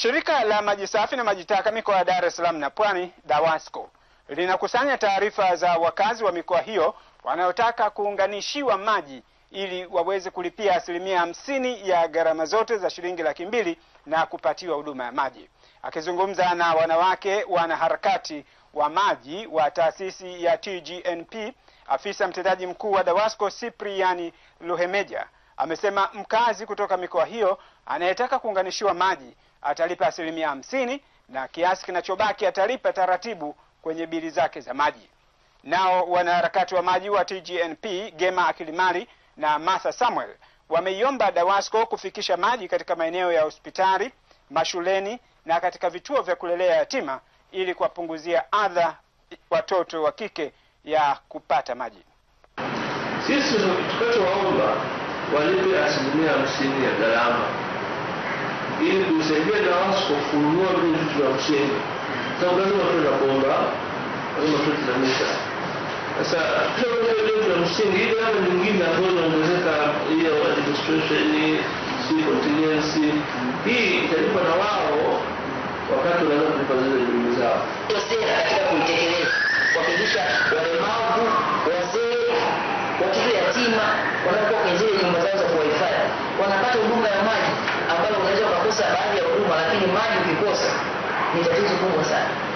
Shirika la maji safi na maji taka mikoa ya Dar es Salaam na Pwani, DAWASCO, linakusanya taarifa za wakazi wa mikoa hiyo wanaotaka kuunganishiwa maji ili waweze kulipia asilimia hamsini ya gharama zote za shilingi laki mbili na kupatiwa huduma ya maji. Akizungumza na wanawake wanaharakati wa maji wa taasisi ya TGNP, afisa mtendaji mkuu wa DAWASCO cipriani Luhemeja amesema mkazi kutoka mikoa hiyo anayetaka kuunganishiwa maji atalipa asilimia hamsini na kiasi kinachobaki atalipa taratibu kwenye bili zake za maji. Nao wanaharakati wa maji wa TGNP Gema Akilimali na Martha Samuel wameiomba DAWASCO kufikisha maji katika maeneo ya hospitali, mashuleni na katika vituo vya kulelea yatima ili kuwapunguzia adha watoto wa kike ya kupata maji. Sisi tunachowaomba walipe asilimia hamsini ya gharama ili kuisaidia DAWASA kwa kufunua vile vitu vya msingi, sababu lazima tuwe na bomba, lazima tuwe tuna mita. Sasa kila moja vile vya msingi, ile ama nyingine ambayo inaongezeka, hiyo administration si contingency, hii italipa na wao wakati wanaweza kulipa zile elimu zao. Sera katika kuitekeleza kuhakikisha walemavu, wazee, watoto yatima kwenye zile nyumba zao za kuwahifadhi wanapata huduma ya maji kukosa baadhi ya huduma, lakini maji ukikosa ni tatizo kubwa sana.